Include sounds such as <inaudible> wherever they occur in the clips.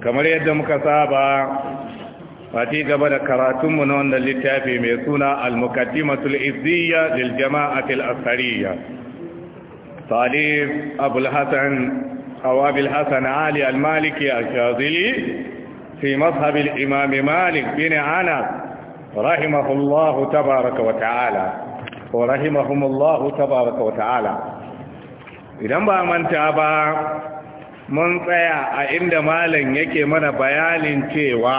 kamar yadda muka saba fati gaba da karatunmu na wannan littafi mai suna al-muqaddimatul izziya lil jama'atil ashariyya talib abul hasan aw abul hasan ali al-maliki al-shazili fi mazhab al-imam malik bin anas rahimahullahu tabaaraka wa ta'ala wa rahimahumullahu tabaaraka wa ta'ala idan ba manta ba mun tsaya a inda malam yake mana bayanin cewa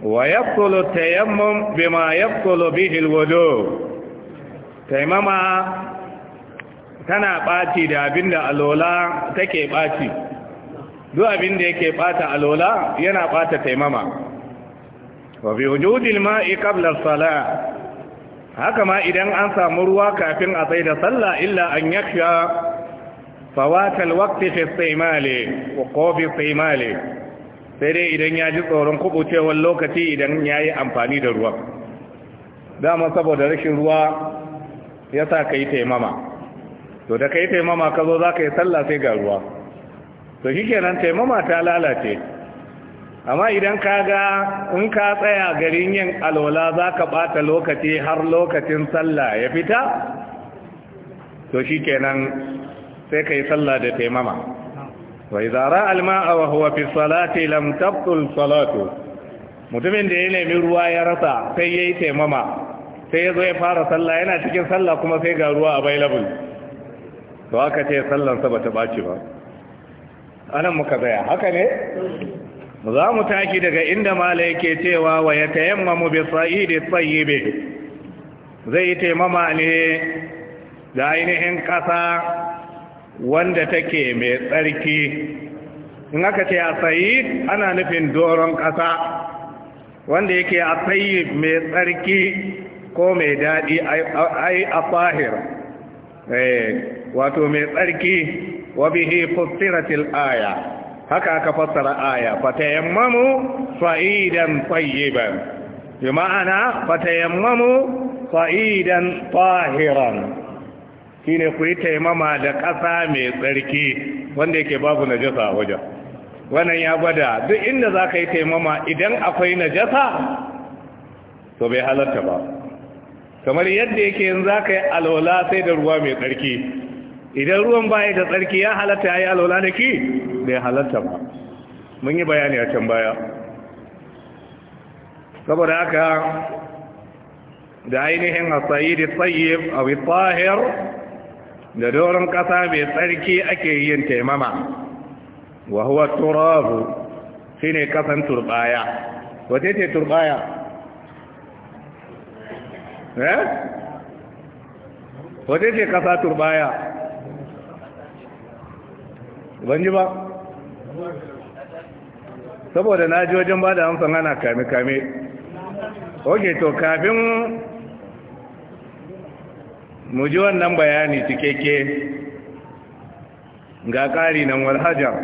wa yaqulu tayammum bima yaqulu bihi alwudu taimama tana baci da abinda alola take baci duk abinda yake bata alola yana bata taimama wa bi wujudi alma'i qabla as-salah haka ma idan an samu ruwa kafin a tsaya da sallah illa an yakhsha فوات الوقت في الصيمال وقوف الصيمال sai dai idan ya ji tsoron kubucewar lokaci idan ya yi amfani da ruwa dama saboda rashin ruwa ya sa ka yi taimama to da ka yi taimama ka zo za ka yi sallah sai ga ruwa to shi kenan taimama ta lalace amma idan ka ga in ka tsaya garin yin alwala za ka ɓata lokaci har lokacin sallah ya fita to shi kenan sai ka yi sallah da taimama Bai zara almaa al wa huwa fi salati lam tabtul salatu mutumin da ya nemi ruwa ya rasa sai ya yi taimama sai ya zo ya fara sallah yana cikin sallah kuma sai ga ruwa available to haka ce ba ta ɓaci ba anan muka tsaya haka ne za mu taki daga inda mala yake cewa wa ya mu bi sa'idi tayyibi zai yi taimama ne da ainihin ƙasa. wanda take mai tsarki in aka ce a tsayi ana nufin doron ƙasa wanda yake a tsayi mai tsarki ko mai daɗi ai a fahir eh, wato mai tsarki wabihi fustiratil aya haka aka fassara aya fatayammamu fa'idan tayyiban bi ma'ana fatayammamu fa'idan fahiran. ne ku yi taimama da ƙasa mai tsarki wanda yake babu najasa a wajen wannan ya gwada duk inda za ka yi taimama idan akwai najasa to bai halarta ba kamar yadda yake yin za ka yi alola sai da ruwa mai tsarki idan ruwan baya da tsarki ya halarta ya yi alola da ki bai halarta ba mun yi bayani a can baya saboda haka da ainihin tsayi da tsayyib abu da doron ƙasa mai tsarki ake yin taimama wa huwa turabu shine kasan turbaya wace ce turbaya eh wace ce kasa turbaya ban ji ba saboda na ji wajen ba da hamsin ana kame-kame oke to kafin mu ji wannan bayani cikakke ga ƙari nan walhajar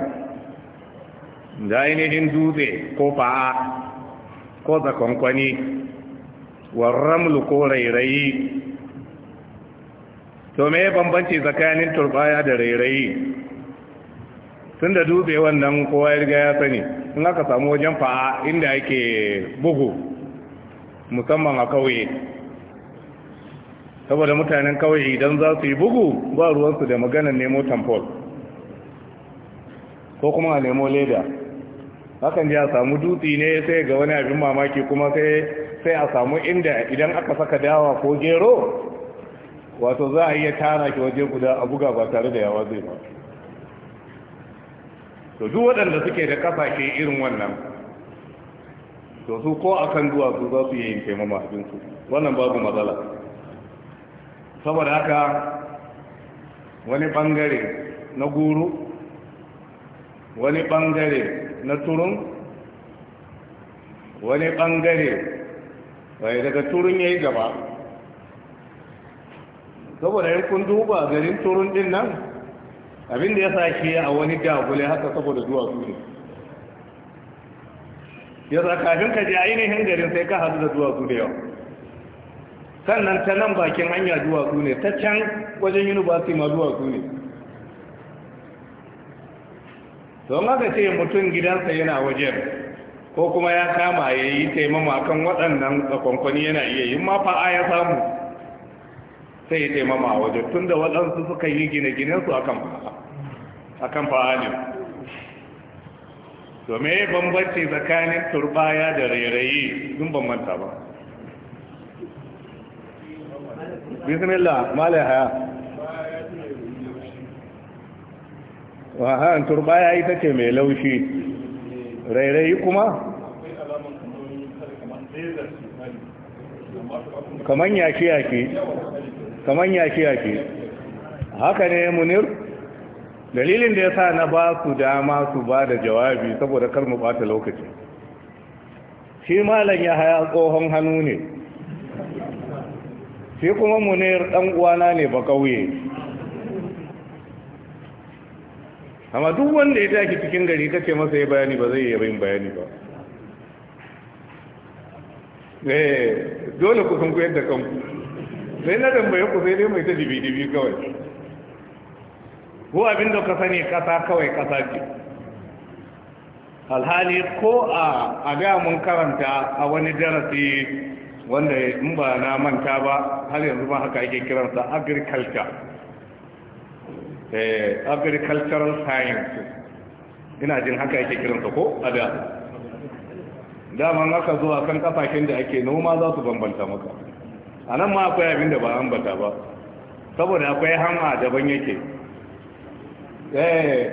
da ainihin dutse ko fa'a ko zakonkwani warramlu ko rairayi to me bambanci tsakanin turbaya da rairayi tun da dutse wannan kowa ya riga ya sani in aka samu wajen fa'a inda ake bugu musamman a kauye saboda mutanen kawai idan za su yi bugu ba ruwansu da maganar nemo tamfol ko kuma a nemo leda hakan ji a samu dutse ne sai ga wani abin mamaki kuma sai a samu inda idan aka saka dawa ko gero wato za a iya tara ki waje guda a buga ba tare da yawa zai ba to duk waɗanda suke da ke irin wannan to su ko akan duwatsu za su yi yin taimama abinsu wannan babu matsala saboda haka wani bangare na guru wani bangare na turun wani bangare bai daga turun ya yi gaba saboda yin kun duba garin turun din nan abinda ya shi a wani dagule haka saboda duwatsu ne ya kafin ka je ainihin garin sai ka hadu da duwatsu da yawa sannan ta nan bakin hanya duwatsu ne ta can wajen university ma duwatsu ne don haka ce mutum gidansa yana wajen ko kuma ya kama ya yi taimama kan waɗannan tsakonkwani yana iya yin ma fa'a ya samu sai ya taimama a wajen tun da waɗansu suka yi gine-ginensu akan fa'a ne domin bambanci tsakanin turbaya da rairayi dun bambanta ba bismillah malai haya wahan turbaya ita ce mai laushi rairayi kuma kaman yaki-yaki kaman yaki-yaki haka ne munir dalilin da ya sa na ba su dama su ba da jawabi saboda kar mu bata lokaci shi malam ya haya tsohon hannu ne shi kuma munir dan uwana ne ba kauye amma duk wanda ya tafi cikin gari kace masa ya bayani ba zai yi bayani ba eh dole ku san ku yadda kanku sai na tambaye ku sai dai mai ta dibi dibi kawai ko abin da ka sani kasa kawai kasa ce alhali ko a a ga mun karanta a wani darasi wanda in ba na manta ba har yanzu ma haka ake kiransa agriculture eh, agricultural science, ina jin haka ake kiransa ko a da Dama haka zuwa kan kafashin da ake noma za su bambanta maka a nan ma akwai abin da ba ambata ba saboda akwai hama daban yake eh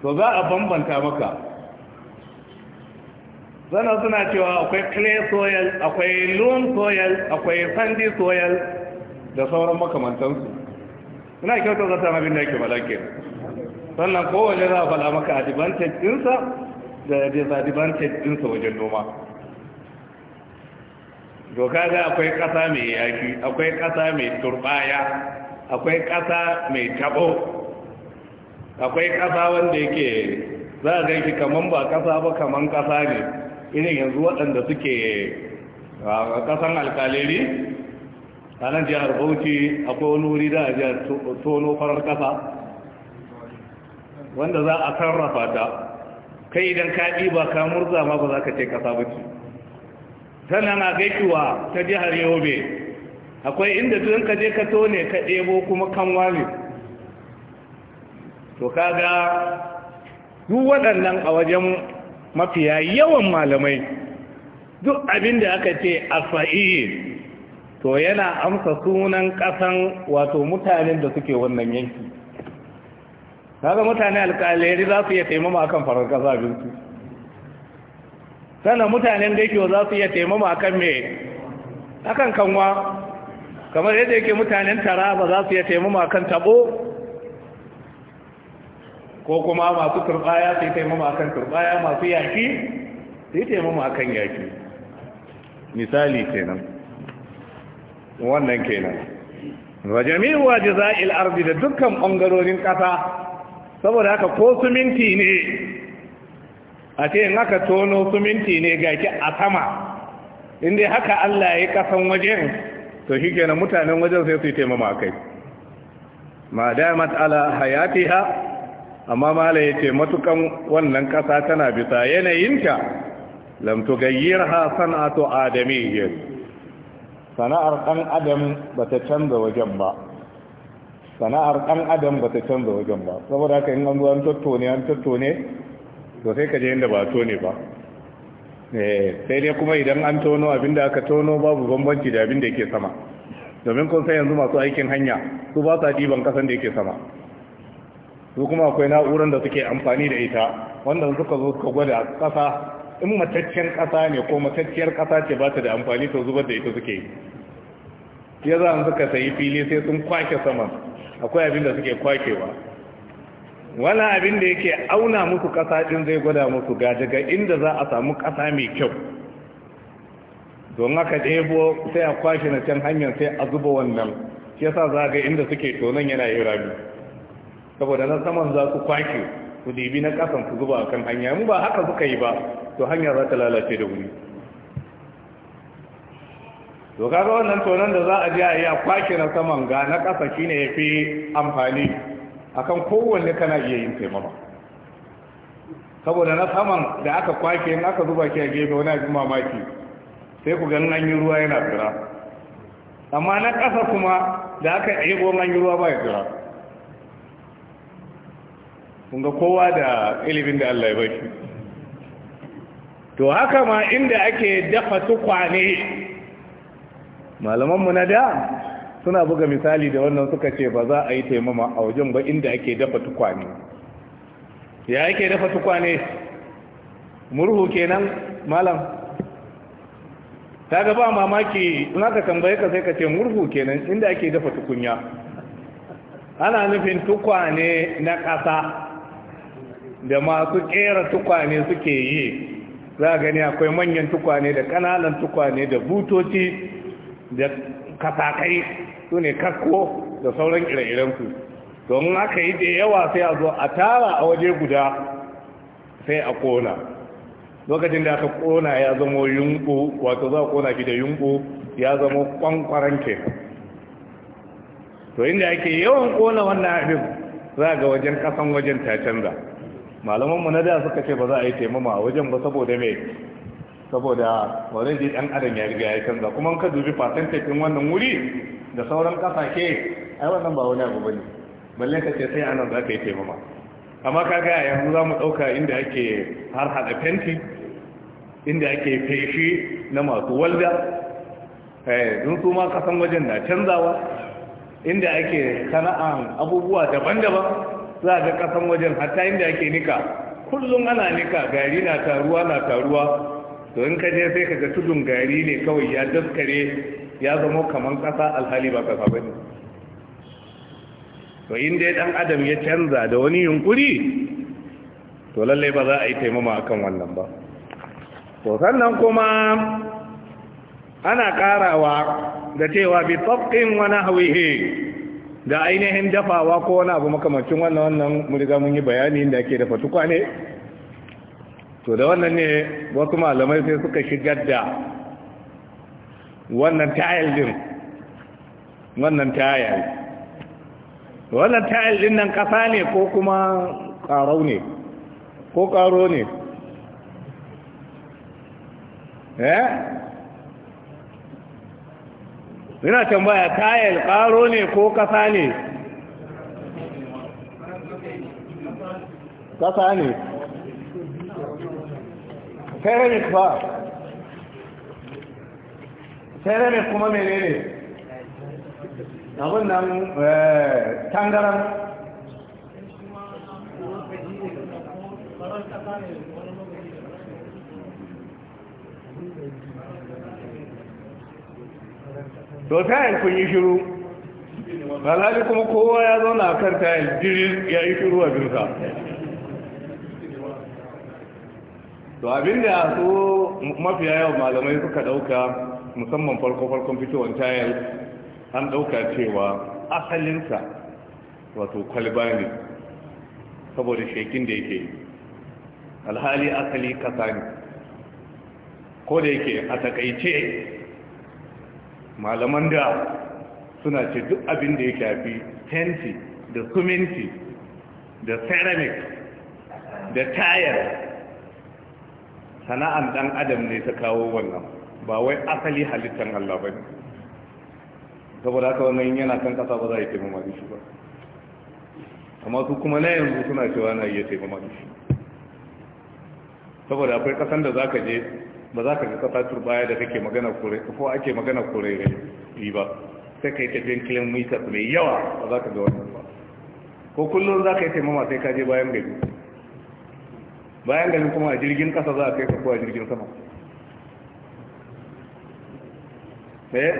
to za a bambanta maka zana suna cewa akwai clay soil akwai loam soil akwai sandy soil da sauran makamantansu suna kyautar zata na bin da yake malakin sannan kowane za a fada maka advantage dinsa da disadvantage dinsa wajen noma doka ga akwai ƙasa mai yaki akwai ƙasa mai turbaya akwai ƙasa mai tabo akwai ƙasa wanda yake za a ganki kaman ba ƙasa ba kamar ƙasa ne irin yanzu waɗanda suke a ƙasar alkaleri a nan jihar bauchi akwai wani wuri da a jihar tono farar ƙasa wanda za a sarrafa ta kai idan ka ɗiba ka murza ma ba za ka ce ƙasa ba ce sannan a gaikiwa ta jihar yobe akwai inda tun ka je ka tone ka ɗebo kuma kan wani to kaga duk waɗannan a wajen mafiya yawan malamai duk abin da aka ce a fa'il to yana amsa sunan ƙasan wato mutanen da suke wannan yanki Na ga mutane alƙalari za su iya taimama akan farar ƙasa abinci sannan mutanen da yake za su iya taimama akan mai akan kanwa kamar yadda yake mutanen taraba za su iya taimama akan tabo ko kuma masu turbaya sai taimama akan turbaya masu yaki sai taimama akan yaki misali kenan wannan kenan wa jami'u ajza'il ardi da dukkan bangarorin kasa saboda haka ko suminti ne a ce in aka tono suminti ne gaki a sama inda haka Allah ya kasan wajen to shi kenan mutanen wajen sai su yi taimama kai ma damat ala hayatiha amma mala ya ce matukan wannan ƙasa tana bisa yanayinta lamtu gayyar ha sana'atu adamiyyar sana'ar ɗan adam ba ta canza wajen ba sana'ar ɗan adam ba ta canza wajen ba saboda haka yin an zo an tattone an tattone to sai ka je inda ba tone ba eh, sai dai kuma idan an tono abinda aka tono babu bambanci da abinda yake sama domin kun san yanzu masu aikin hanya su ba sa ɗiban ƙasan da yake sama su kuma akwai na'urar da suke amfani da ita wanda suka zo suka gwada ƙasa in mataccen ƙasa ne ko matacciyar ƙasa ce ba ta da amfani to zubar da ita suke ya za suka sayi fili sai sun kwake saman akwai abin da suke kwakewa wani abin da yake auna musu ƙasa ɗin zai gwada musu ga daga inda za a samu ƙasa mai kyau don haka ɗebo sai a kwashe na can hanyar sai a zuba wannan shi yasa za ga inda suke tonon yana yi rami saboda na saman za ku kwake ku dibi na kasan ku zuba kan hanya mu ba haka suka yi ba to hanyar za ta lalace da wuri to kaga wannan tonan da za a je a yi a kwake na saman ga na kasa shine fi amfani akan kowanne kana iya yin taimama saboda na saman da aka kwake in aka zuba shi a gefe wani abin mamaki sai ku ganin an yi ruwa yana tsira amma na ƙasa kuma da aka ɗebo an yi ruwa ba ya tsira kun ga kowa da ilimin da Allah ya shi. to haka ma inda ake dafa tukwane malamanmu na da suna buga misali da wannan suka ce ba za a yi taimama a wajen ba inda ake dafa tukwane ya ake dafa tukwane murhu kenan malam ta ba mamaki in aka tambaye ka sai ka ce murhu kenan inda ake dafa tukunya ana nufin tukwane na ƙasa da masu kera tukwane suke yi za gani akwai manyan tukwane da kananan tukwane da butoci da kasakai su ne kasko da sauran ire-irensu don aka yi da yawa sai a zo a tara a waje guda sai a kona lokacin da aka kona ya zama yunko wato za a kona shi da yunko ya zama kwankwaran ke to inda ake yawan kona wannan abin za ga wajen kasan wajen ta canza Malaman mu na da suka ce ba za a yi taimama a wajen ba saboda mai saboda ji ɗan adam ya riga ya canza kuma ka dubi percentage wannan wuri da sauran kasashe ai wannan ba wani abu bane balle ka ce sai anan za ka yi taimama amma ka a yanzu za mu ɗauka inda ake har haɗa fenti inda ake feshi na masu walda eh, don su ma kasan wajen na canzawa inda ake sana'an abubuwa daban-daban za ga kasan wajen hatta inda ake nika kullum ana nika gari na taruwa na taruwa to in ka je sai ka ga tudun gari ne kawai ya daskare ya zama kaman kasa alhali ba kasa bane to in dai dan adam ya canza da wani yunkuri to lallai ba za a yi taimama akan wannan ba to sannan kuma ana karawa da cewa bi tafqin wa nahwihi da ainihin dafawa ko wani abu makamancin wannan wannan muriga mun yi bayani da ake dafa tukwane to da wannan ne wasu malamai sai suka shigar da wannan tayal din wannan tayal wannan tayal din nan kasa ne ko kuma karau ne ko karo ne eh yana tambaya tayar karo ne ko kasa ne kasa ne ceramic ba ceramic kuma mene ne abin nan eh, tangaran to tayin kun yi shiru alhali kuma kowa ya zauna a kan tayin jirgin ya yi shiru a birka to abinda so mafiya yawa malamai suka dauka musamman farko-farkon fitowar tayin an dauka cewa asalinsa wato kwalba ne saboda shekin da yake alhali asali kasa ne ko da yake a takaice malaman da suna ce duk abin da ya shafi tenti da suminti da ceramic da tayar sana'an dan adam ne ta kawo wannan ba wai asali halittar Allah ba saboda haka wannan yana kan kasa ba za a yi taimama da shi ba amma su kuma na yanzu suna cewa na iya taimama da shi saboda akwai kasan da za ka je ba za ka kasa kasa baya da kake magana kore ko ake magana kore yi ba sai ka yi tafiyan mita mai yawa ba za ka ga wannan ba ko kullum za ka yi taimama sai ka je bayan gari bayan gari kuma a jirgin kasa za a kai ka ko a jirgin sama eh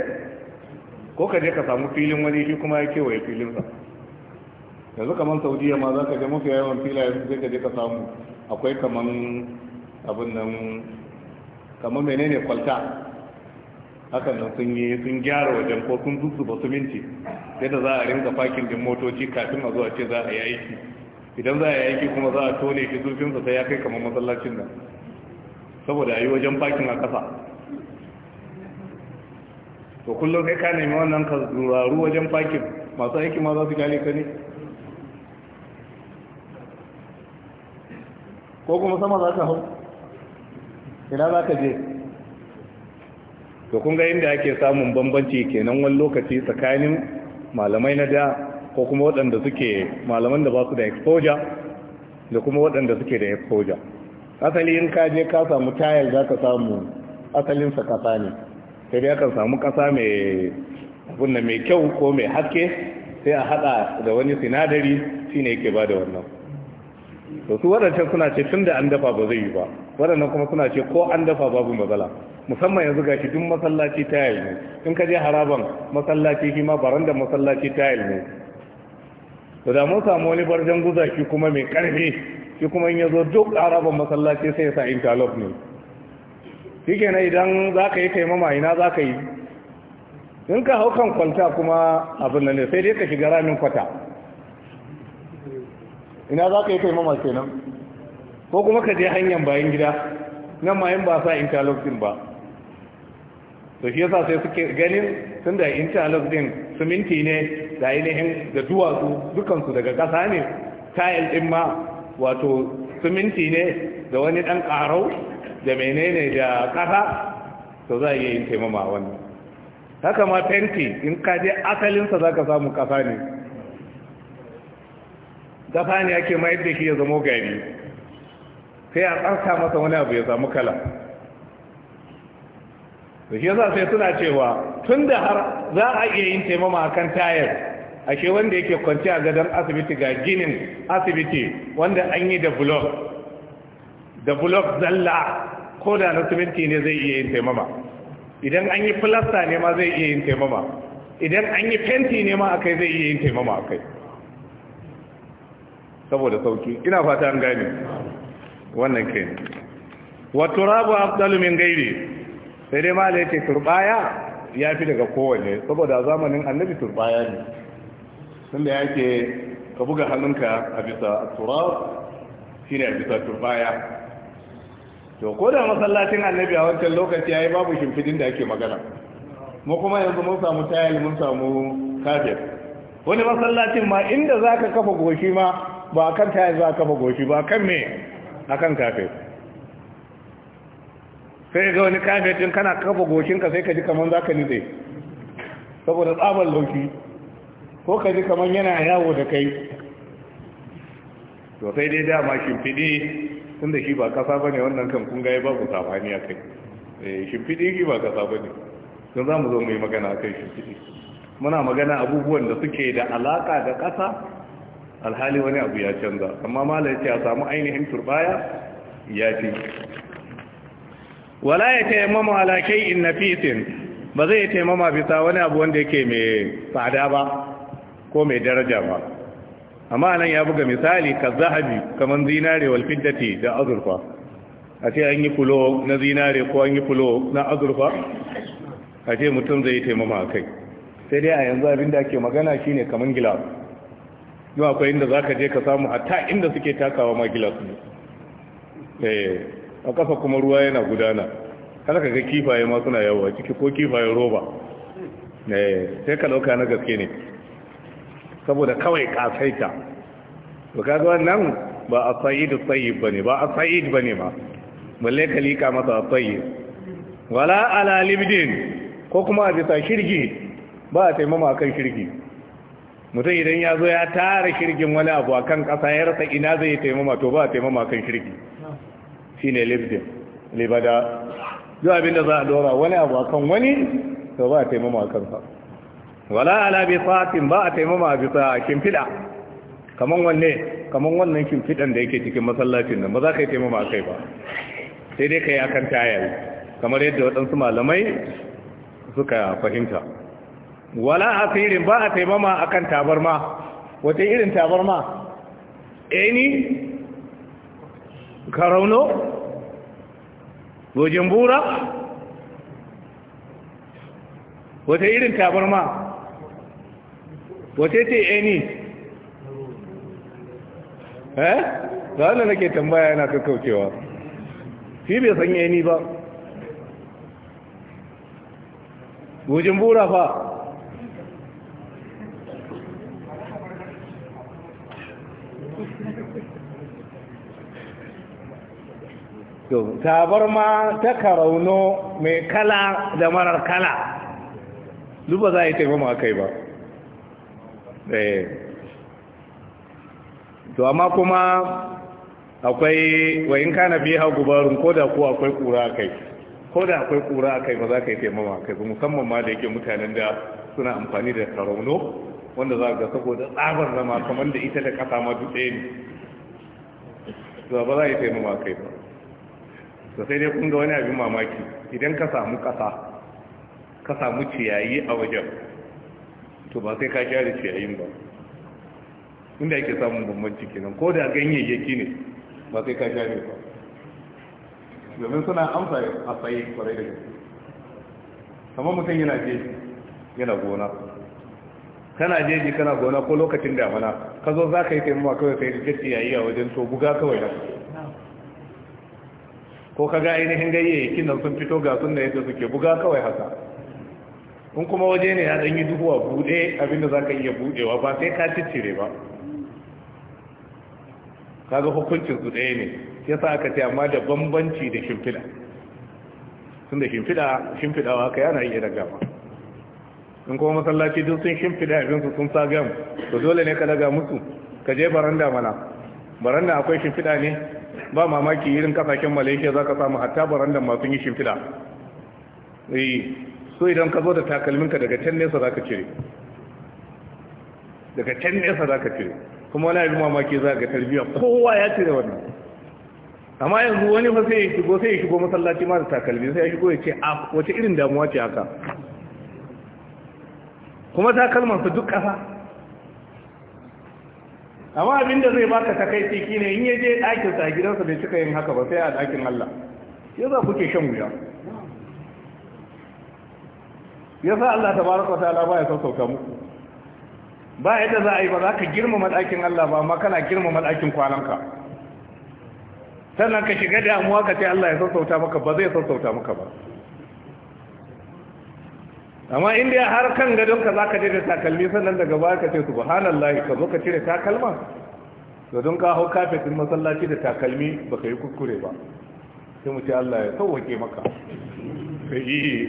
ko ka je ka samu filin wani shi kuma ya kewaye filinsa yanzu kamar saudiya ma za ka ga mafi yawan filayen sai ka je ka samu akwai kamar abin nan kamar menene kwalta hakan nan sun yi sun gyara wajen ko sun zuzu ba su minti sai da za a rinka fakin din motoci kafin a zuwa ce za a yi aiki idan za a yi aiki kuma za a tone shi sa sai ya kai kamar masallacin nan saboda a yi wajen fakin a ƙasa to kullum kai ka nemi wannan ka zuraru wajen fakin masu aiki ma za su gane ka ne ko kuma sama za ka hau ina za ka je to kun ga inda ake samun bambanci kenan wani lokaci tsakanin malamai na da ko kuma waɗanda suke malaman da ba su da exposure da kuma waɗanda suke da exposure asali in ka je ka samu tayar za ka samu asalinsa ƙasa ne sai dai akan samu ƙasa mai abunna mai kyau ko mai haske sai a haɗa da wani sinadari shine yake ba da wannan to su waɗancan suna ce tun da an dafa ba zai yi ba waɗannan kuma suna ce ko an dafa babu matsala musamman yanzu ga shi duk masallaci yi ne in ka je haraban masallaci shi ma barandar masallaci yi ne to da mun samu wani barjan guza shi kuma mai karfi shi kuma in ya zo duk haraban masallaci sai ya sa interlock ne shi kenan idan za ka yi taimama ina za ka yi in ka hau kan kwalta kuma abin nan ne sai dai ka shiga ramin kwata ina za ka yi taimama kenan ko kuma ka je hanyar bayan gida nan ma in ba sa interlock din ba to shi yasa sai suke ganin tun da interlock din siminti ne da ainihin da duwatsu dukansu daga ƙasa ne tayil din ma wato siminti ne da wani ɗan ƙarau da menene da ƙasa to za a iya yin taimama wannan haka ma fenti in ka je asalinsa za ka samu ƙasa ne ƙasa ne ake mayar da shi ya zamo gari sai a tsarka masa wani abu ya samu kala da shi yasa sai suna cewa tun da har za a iya yin taimama a kan tayar ashe wanda yake kwanci a gadon asibiti ga ginin asibiti wanda an yi da bulog da bulog zalla ko da na siminti ne zai iya yin taimama idan an yi filasta ne ma zai iya yin taimama idan an yi fenti ne ma akai zai iya yin taimama akai saboda sauki ina fata an gane wannan ke wa turabu afdalu min gairi sai dai mala yake turbaya ya fi daga kowanne saboda zamanin annabi turbaya ne da yake ka buga hannunka a bisa turab shine a bisa turbaya to ko da masallacin annabi a wancan lokaci ya yi babu shimfidin da ake magana mu kuma yanzu mun samu tayil mun samu kafir wani masallacin ma inda za ka kafa goshi ma ba kan tayil za ka kafa goshi ba kan me akan kafir sai ga wani kafir din kana kafa goshinka sai ka ji kaman za ka nitse saboda tsabar lauki ko ka ji kaman yana yawo da kai to sai dai dama shimfiɗi tun da shi ba kasa bane wannan kan kun gaya babu sabani a kai eh, shimfiɗi shi ba kasa bane ne don za mu zo mai magana a kai shimfiɗi muna magana abubuwan da suke da alaƙa da ƙasa alhali wani abu ya canza amma mala ya ce a samu ainihin turbaya ya fi wala ya taimama alakai in nafisin ba zai taimama bisa wani abu wanda yake mai tsada ba ko mai daraja ba amma nan ya buga misali ka zahabi kamar zinare walfiddati da azurfa a ce an yi fulo na zinare ko an yi fulo na azurfa a ce mutum zai taimama a kai sai dai a yanzu abinda da ake magana shine kamar gilas yau akwai inda za ka je ka samu a ta inda suke takawa ma su ne eh, a ƙasa kuma ruwa yana gudana kada ka ga kifaye ma suna yawa ciki ko kifayen roba eh, sai ka ɗauka na gaske ne saboda kawai ƙasaita ba ka zuwa nan ba a sa'id sayi ba ne ba a sa'id ba ne ma balle ka liƙa masa a sayi. wala ala libidin ko kuma a jisa shirgi ba a taimama a kan shirgi mutum idan ya zo ya tara shirgin wani abu a kan ƙasa ya rasa ina zai yi taimama to ba a taimama kan shirgi shi ne libdin libada duk abinda za a dora wani abu a kan wani to ba a taimama a kansa wala ala bi fatin ba a taimama a bisa kimfida kaman wanne kaman wannan kimfidan da yake cikin masallacin nan ba za ka yi taimama a kai ba sai dai ka yi akan tayar kamar yadda waɗansu malamai suka fahimta wala firin ba a taimama akan tabarma wace irin tabarma eni karauno gojin bura wata irin tabarma wata ce eni eh ga wanda nake tambaya yana kaucewa. shi bai san eni ba gojin bura fa to ma ta karauno mai kala da marar kala duk ba za a yi taimama a kai ba eh. to amma kuma akwai wayin kana biya hau gubarun ko da kuwa akwai kura a kai ko da akwai kura a kai ba za ka yi taimama a kai ba musamman ma da yake mutanen da suna amfani da karauno wanda za ga saboda tsabar zama kamar da ita da kasa ma dutse ne to ba za a yi taimama a kai ba to sai dai kun ga wani abin mamaki idan ka samu kasa ka samu ciyayi a wajen to ba sai ka share ciyayin ba inda yake samun ciki nan ko da ganyayyaki ne ba sai ka share ba domin suna amsa a tsaye kwarai da gaske kamar mutum yana je yana gona kana jeji kana gona ko lokacin damana ka zo za ka yi taimawa kawai sai da ciyayi a wajen to buga kawai haka ko kaga ainihin gayyakin nan sun fito ga sunna yadda suke buga kawai haka in kuma waje ne ya danyi duhuwa bude abinda zaka iya budewa ba sai ka ciccire ba kaga hukuncin su ɗaya ne sa aka ce amma da bambanci da shimfiɗa sun da shimfiɗa shimfiɗawa ka yana iya daga ba in kuma masallaci duk sun shimfiɗa abin su sun sa gam, to dole ne ka daga musu ka je baranda mana baranda akwai shimfiɗa ne ba mamaki irin kasashen malaysia za ka samu hatta baranda masu yi shimfiɗa eh, so idan ka zo da takalminka daga can nesa za ka cire daga can nesa za ka cire kuma wani abin mamaki za ga tarbiyya kowa ya cire wannan amma yanzu wani fa sai ya shigo sai ya shigo masallaci ma da takalmi sai ya shigo ya ce a ah, wace irin damuwa ce haka kuma takalman su duk ƙasa amma abin da zai baka takaici kine in yaje ɗakin sa gidansa bai cika yin haka ba sai a ɗakin Allah ya za kuke shan wuya yasa Allah tabaraka ta'ala ba ya sassauta muku ba yadda za a yi ba za ka girmama ɗakin Allah ba amma kana girmama ɗakin kwananka sannan ka shiga damuwa ka ce Allah ya sassauta maka ba zai sassauta maka ba amma inda ya har kan gado ka zaka je da takalmi sannan daga baya ka ce subhanallahi ka zo ka cire takalma to don ka hau kafet din masallaci da takalmi baka yi kuskure ba sai mu ce Allah ya sauwake maka sai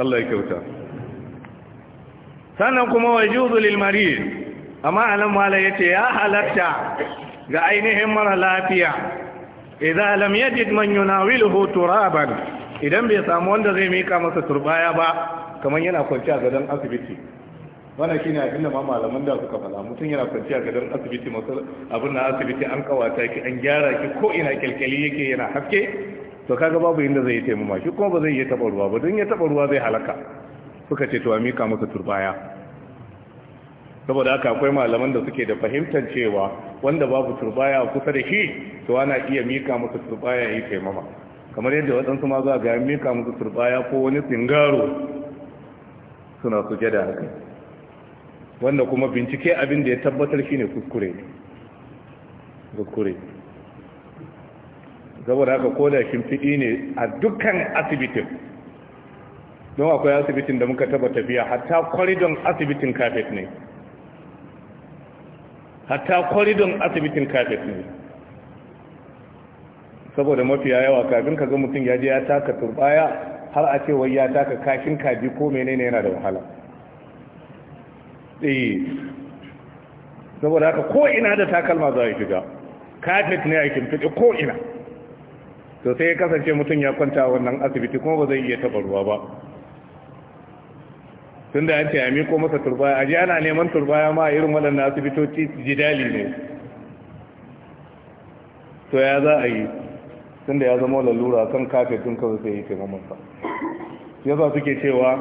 Allah ya kyauta sannan kuma wajudu lil marid amma anan mala yace ya halatta ga ainihin mara lafiya idan lam yajid man yunawiluhu turaban idan bai samu wanda zai mika masa turbaya ba kamar yana kwanciya gadon asibiti wannan shine abin da ma malaman da suka faɗa mutum yana kwanciya gadon asibiti masu abin na asibiti an kawata ki an gyara ki ko ina kyalkyali yake yana haske to kaga babu inda zai yi taimama shi kuma ba zai iya taɓa ruwa ba don ya taɓa ruwa zai halaka suka ce to a mika masa turbaya saboda haka akwai malaman da suke da fahimtar cewa wanda babu turbaya kusa da shi to ana iya mika masa turbaya yi taimama kamar yadda waɗansu ma za ga mika musu turbaya ko wani singaro suna suke da haka wanda kuma bincike abin da ya tabbatar shine kuskure ne kuskure saboda haka ko da fiɗi ne a dukkan asibitin don akwai asibitin da muka taba tafiya hatta kwaridon asibitin kafet ne hatta kwaridon asibitin kafet ne saboda mafiya yawa kafin ka ga mutum ya je ya taka turbaya har a ce wai ya taka kashin kaji ko menene yana da wahala eh saboda haka ko ina da takalma za a shiga kafet ne a kimfiɗe ko ina to sai ya kasance mutum ya kwanta wannan asibiti kuma ba zai iya taɓa ruwa ba tun da an ce a masa turbaya a ana neman turbaya ma a irin waɗannan asibitoci jidali ne to ya za a yi tunda ya zama lalura kan kafin kawai sai yi taimamansa yasa suke cewa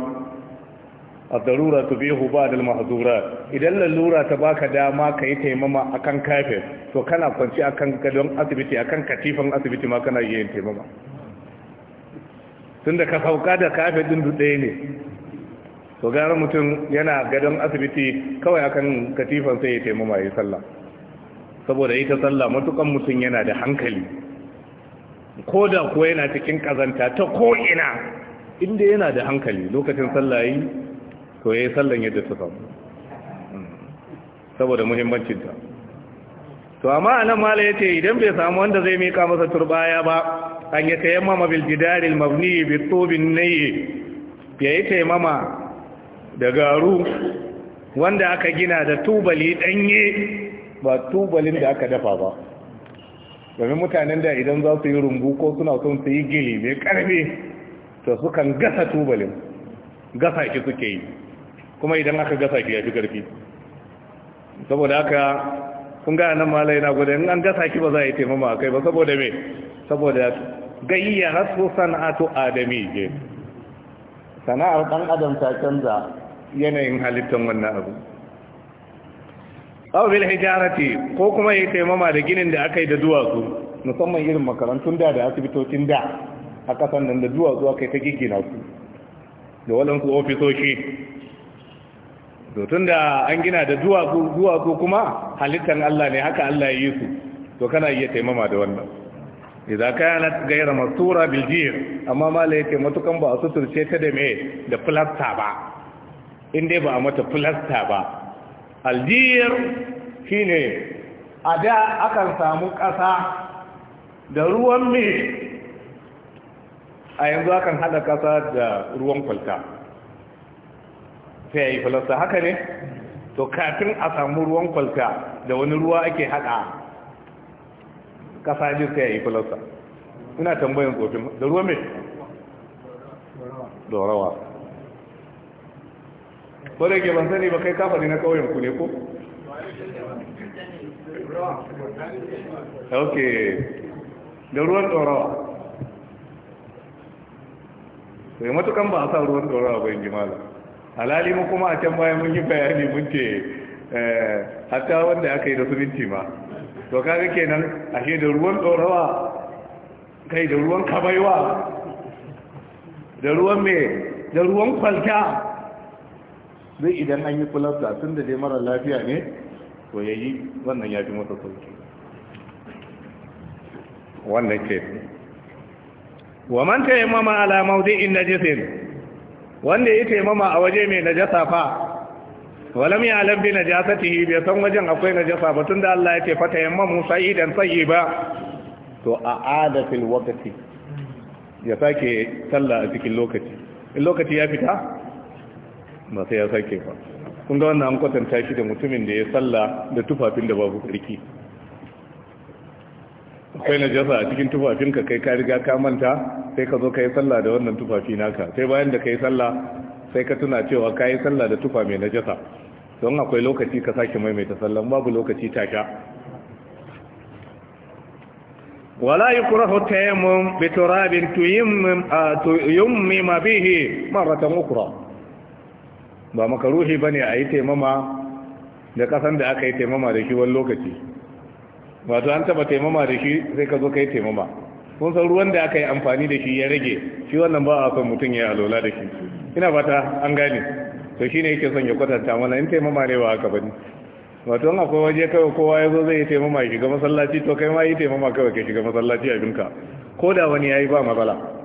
a darura ta bihu ba da mahazura idan lalura ta baka dama ka yi taimama akan kafin to kana kwanci akan gadon asibiti akan katifan asibiti ma kana yi yin taimama tunda ka sauka da kafin din ɗaya ne to gara mutum yana gadon asibiti kawai akan katifan sai ya taimama ya sallah saboda ita sallah matukan mutum yana da hankali ko da kuwa yana cikin kazanta ta ko'ina inda yana da hankali lokacin sallayi to ya yi sallan yadda ta samu saboda muhimmancinta to amma a nan mala ya ce idan bai samu wanda zai mika masa turbaya ba an yi tayammama biljidaril mabni bitobin naye ya yi tayammama da garu wanda aka gina da tubali danye ba tubalin da aka dafa ba domin mutanen da idan za su yi rumbu ko suna son su yi gili mai karfe to sukan gasa tubalin gasa ki suke yi kuma idan aka gasa ki ya fi karfi saboda haka sun ga nan malai yana gwada in an gasa ki ba za a yi taimama a kai ba saboda me saboda gayya rasu sana'atu adami ke sana'ar dan adam ta canza yanayin halittar wannan abu aw bil hijarati ko kuma yayi taimama da ginin da aka yi da duwatsu musamman irin makarantun da da asibitocin da a kasan nan da duwatsu aka yi ta giggina su da waɗansu ofisoshi to tunda an gina da duwatsu duwatsu kuma halittar Allah ne haka Allah ya yi su to kana iya taimama da wannan idza kanat ghayra masura bil jir amma mala yake matukan ba su turce ta da me da plaster ba in dai ba a mata plaster ba aljiyar shi ne a da akan samu ƙasa da ruwan mai a yanzu akan haɗa ƙasa da ruwan kwalta sai ya yi falasta haka ne to kafin a samu ruwan kwalta da wani ruwa ake haɗa ƙasa ji sai ya yi falasta ina tambayin tsofin da ruwan mai dorawa ko da ke ban sani ba kai kafa ne na ƙauyen ku ne ko ok da ruwan dorawa. sai matukan ba a sa ruwan dorawa ba yin jimala halali mu kuma a can bayan mun yi bayani mun ce eh, hatta wanda aka yi da suminti ma to kaga kenan ke da ruwan dorawa, kai da ruwan kabaiwa da ruwan me da ruwan kwalta zai idan an yi kulasta tun da dai mara lafiya ne to ya yi wannan ya fi masa sauki wannan ke wa man ta mama ala na najisin wanda ya taimama a waje mai na jasa fa walam ya jasa ta yi bai san wajen akwai na jasa ba tunda Allah ya ce sa'i dan sa'i ba. to a adafin wakati ya sake sallah a cikin lokaci in lokaci ya fita ba sai ya sake ba kun ga wannan an kwatanta shi da mutumin da ya salla da tufafin da babu tsarki akwai najasa a cikin tufafin ka kai ka riga ka manta sai ka zo ka yi salla da wannan tufafi naka sai bayan da ka yi salla sai ka tuna cewa ka yi salla da tufa mai na jasa don akwai lokaci ka sake maimaita sallan babu lokaci ta sha ولا يكره التيمم بتراب تيمم, تيمم bihi مرة أخرى ba makaruhi ba ne a yi taimama da kasan da aka yi taimama da shi wani lokaci wato an taba taimama da shi sai ka zo ka yi taimama kun san ruwan da aka yi amfani da shi ya rage shi wannan ba a son mutum ya alola da shi ina fata an gane to shi ne yake son ya kwatanta mana in taimama ne ba haka ba ne wato an akwai waje kawai kowa ya zo zai yi taimama ya shiga masallaci to kai ma yi taimama kawai ka shiga masallaci abinka ko da wani ya yi ba matsala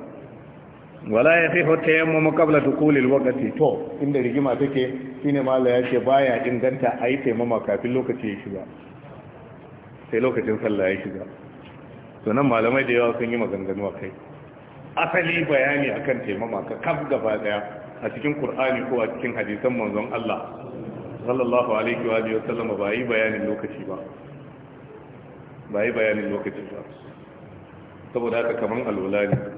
wala ya fi hota mu makabla Kulil wakati to inda rigima take ne mala ya ce ba ya inganta a yi taimama kafin lokaci ya shiga sai lokacin sallah ya shiga to nan malamai da yawa sun yi maganganu a kai asali bayani a kan taimama ka kaf gaba daya a cikin Kur'ani ko a cikin hadisan manzon Allah sallallahu alaihi wa alihi wasallam ba yi bayanin lokaci ba ba yi bayanin lokaci ba saboda haka kaman alwala ne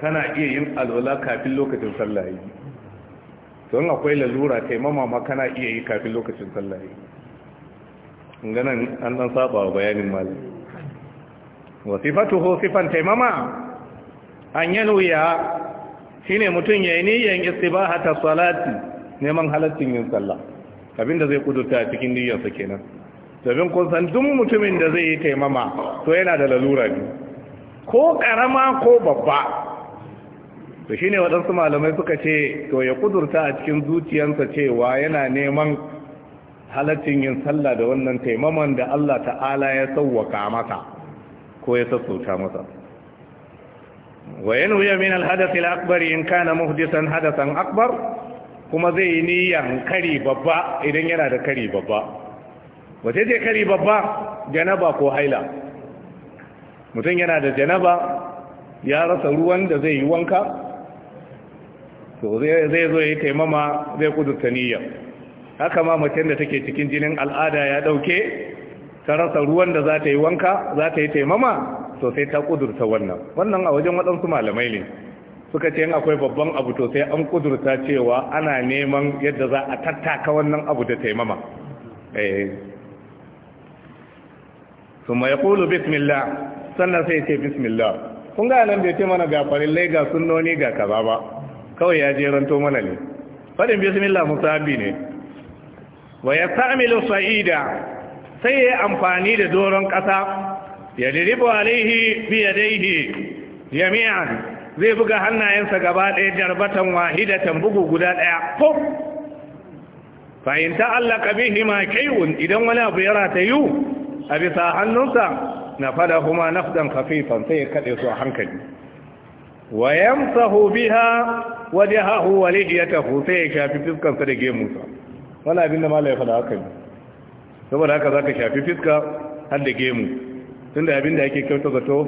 kana iya yin alwala kafin lokacin sallah yi don akwai lalura taimama ma kana iya yi kafin lokacin sallah yi ganin an dan saba wa bayanin malam wasifatu hu sifan taimama an wuya shine mutum yayi niyyan istibaha ta salati neman halaccin yin sallah abinda zai kudurta cikin niyyarsa kenan domin kun san duk mutumin da zai yi taimama to yana da lalura ne ko karama ko babba to ne waɗansu malamai suka ce to ya kudurta a cikin zuciyarsa cewa yana neman halaccin yin sallah da wannan taimaman da Allah ta'ala ya sauwaka masa ko ya sassauta masa wayan wuya min alhadathil alakbar in kana muhdisan hadathan akbar kuma zai yi niyyar kari babba idan yana da kari babba wace ce kari babba janaba ko haila mutum yana da janaba ya rasa ruwan da zai yi wanka to zai zo ya taimama zai kudurta niyyar haka ma macen da take cikin jinin al'ada ya dauke ta rasa ruwan da za ta yi wanka za ta yi taimama to sai ta kudurta wannan wannan a wajen waɗansu malamai ne suka ce akwai babban abu to sai an kudurta cewa ana neman yadda za a tattaka wannan abu da taimama eh. suma ya kulu bismillah sannan sai ce bismillah kun ga nan bai ce mana ga farillai ga sunnoni ga kaza ba kawai ya jeranto mana ne faɗin bismillah musabi ne wa ya sa'ida sai ya amfani da doron kasa ya diribu alaihi biya daihi jami'an zai buga hannayensa gaba ɗaya jarbatan wahidatan bugu guda ɗaya ko fahimta Allah bihi ma kayun idan wani abu ya yu a bisa hannunsa na fada kuma nafdan kafifan sai ya kaɗe su a hankali wa yamsahu biha wajhahu wa lihiyatahu sai ya shafi fiskan sa da gemunsa wala abin da malai fada haka ne saboda haka zaka shafi fiska har da gemu tunda abin da yake kyauta zato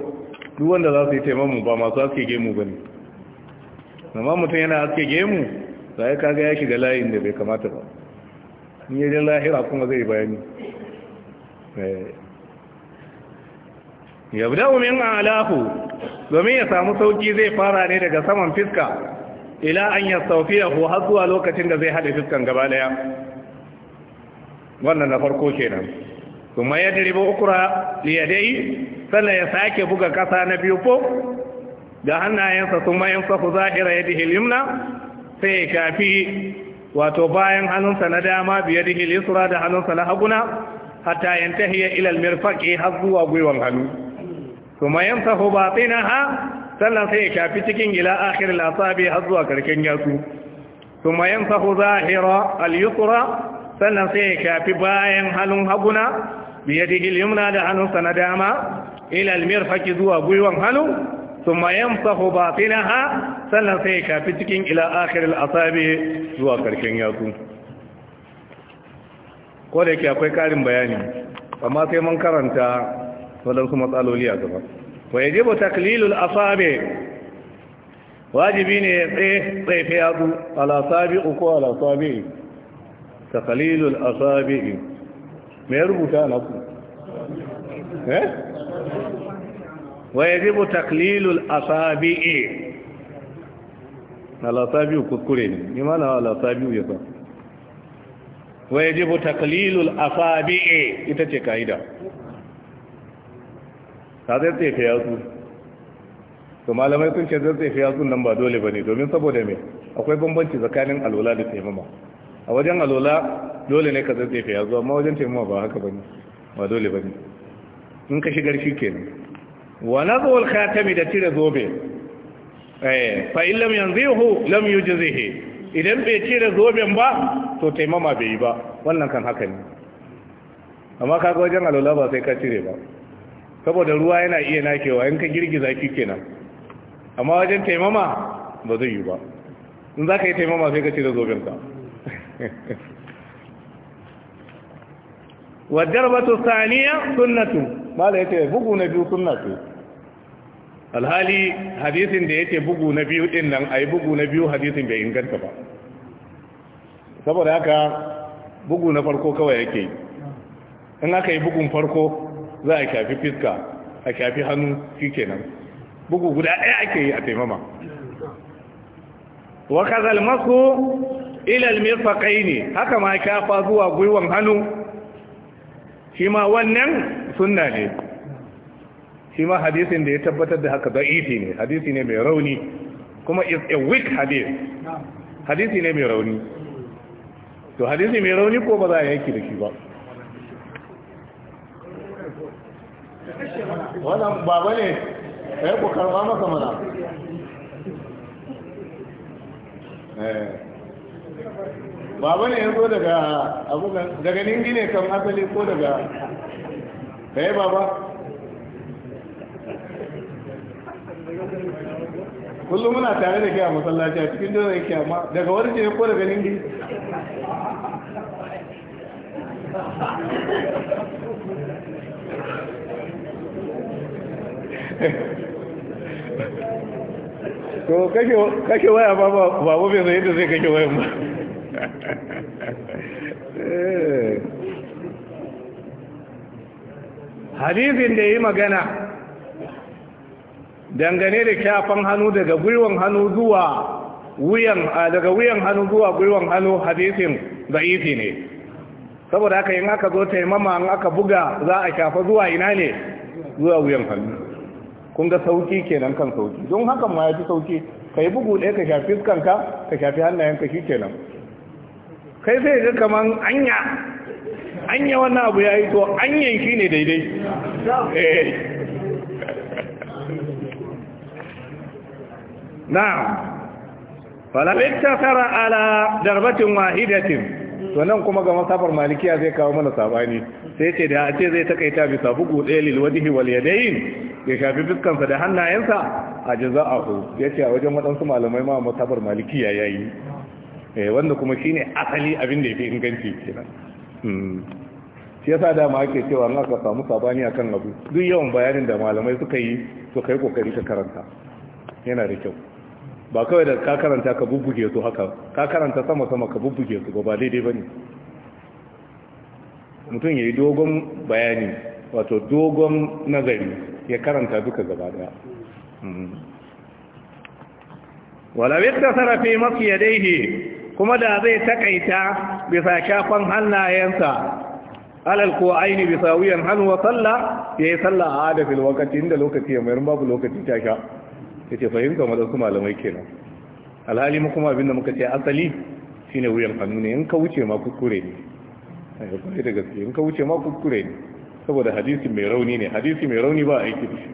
duk wanda za su yi taimamu ba masu aske gemu bane amma mutum yana aske gemu sai kaga ya shiga layin da bai kamata ba in yi lahira kuma zai bayani yabda'u daumin alahu domin ya samu sauki zai fara ne daga saman fiska ila an yastawfiyahu har zuwa lokacin da zai haɗe fiskan gaba daya wannan na farko kenan kuma ya diriba ukura dai sannan ya sake buga kasa na biyu ko da hannayensa sun mayan safu zahira ya dihil yumna sai ya kafi wato bayan hannunsa na dama biya da isra da hannunsa na haguna hatta yantahiya ilal mirfaqi har zuwa gwiwar hannu kuma yamsahu ha sannan sai ya shafi cikin ila akhir al har zuwa karken yatsu kuma yamsahu zahira al-yusra sannan sai ya shafi bayan halun haguna biyadihi al-yumna da hannunsa na dama ila al-mirfaqi zuwa gwiwan halu kuma yamsahu ha sannan sai ya shafi cikin ila akhir al zuwa karken yatsu ko da yake akwai karin bayani amma sai mun karanta waɗansu matsaloli a gaba wa yaje ba taklilul asabe wajibi ne ya tsaye tsaife Ala alasabi uku alasabi taklilul asabe Mai rubuta na ku eh wa yaje ba taklilul asabe alasabi kuskure ne imana alasabi ya sa wa yaje ba taklilul asabe ita ce kaida ka zai tsefe yatsu to malamai sun ce zai tsefe yatsu nan ba dole ba ne domin saboda me akwai bambanci tsakanin alola da taimama a wajen alola dole ne ka zai tsefe yatsu amma wajen taimama ba haka ba ne ba dole ba ne in ka shigar shi kenan wa nazawal khatami da cire zobe eh fa illam yanzihu lam yujzihi idan bai cire zoben ba to taimama bai yi ba wannan kan haka ne amma kaga wajen alola ba sai ka cire ba saboda ruwa yana iya nakewa in ka girgiza shi kenan amma wajen taimama ba zai yi ba in za ka yi taimama sai ka ce da zobenka <laughs> wajar batu saniya sunnatu da ya ce bugu na biyu sunnatu alhali hadisin da ya ce bugu na biyu din nan a yi bugu na biyu hadisin bai inganta ba saboda haka bugu na farko kawai yake in aka yi bugun farko za a shafi fiska a shafi hannu shi nan bugu guda ɗaya ake yi a taimama wa kazal masu ilal mirfaƙai ne haka ma shafa zuwa gwiwan hannu shi ma wannan sunna ne shi ma hadisin da ya tabbatar da haka za'iti ne hadisi ne mai rauni kuma is a weak hadis hadisi ne mai rauni to hadisi mai rauni ko ba za a yanki da shi ba wannan baba ne ya ku karba masa mana baba eh. ne ya zo daga abubuwan daga ningi ne kan asali ko daga kayi baba kullum muna tare da ke a masallaci a cikin dole yake amma daga warje ko daga ningi to kashe waya ba ba wufin sai yadda zai kashe wayan ba eh. hadisin da yi magana dangane da shafan hannu daga gwiwan hannu zuwa wuyan daga wuyan hannu zuwa gwiwan hannu hadisin da'ifi ne saboda haka yin aka zo taimama in aka buga za a shafa zuwa ina ne zuwa wuyan hannu kun ga sauki kenan kan sauki don hakan ma ya fi sauki ka yi bugu ɗaya ka shafi fuskanka ka shafi hannayenka shi kenan kai sai ga kaman anya anya wannan abu ya yi to anyan shi ne daidai eh. na'am falabin tara ala darbatin wahidatin to nan kuma ga masafar malikiya zai kawo mana sabani sai ce da ce zai takaita bisa bugu ɗaya lilwadihi wal yadayin ya shafi fuskansa da hannayensa a jaza'ahu ya ce a wajen waɗansu malamai ma masabar malikiya ya yi eh, wanda kuma shi ne asali abin da ya fi inganci kenan hmm. shi yasa dama ake cewa na aka samu sabani akan abu duk yawan bayanin da malamai suka yi to kai kokari ka karanta yana da kyau ba kawai da ka karanta ka bubbuge su haka ka karanta sama sama ka bubbuge su ba daidai bane mutum ya yi dogon bayani wato dogon nazari ya karanta duka gaba daya mm. walawar da sarrafi mafi yadaihi kuma da zai takaita bisa shafan hannayensa alal ko aini bisa wuyan hannu wa tsalla ya yi tsalla a adafin wakati inda lokaci ya mayar babu lokaci ta sha ya ce fahimta madarsu malamai kenan alhali mu kuma abinda muka ce asali shine wuyan hannu ne in ka wuce ma kukure ne yi eh, da gaske in ka wuce ma kuskure ne saboda hadisi mai rauni ne hadisi mai rauni ba aiki da shi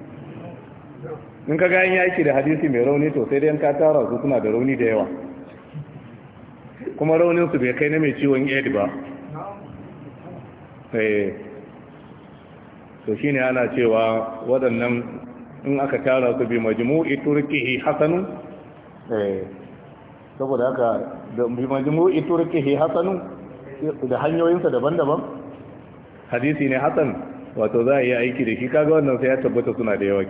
in ka gani aiki da hadisi mai rauni to sai dai ka tara su suna da rauni da yawa kuma raunin su bai kai na mai ciwon aid ba eh to shine ana cewa waɗannan in aka tara su bi majmu'i turkihi hasanu eh saboda haka da bi majmu'i turkihi hasanu da hanyoyinsa daban-daban hadisi ne hasan wato za a yi aiki da shi kaga wannan sai ya tabbata suna da yawa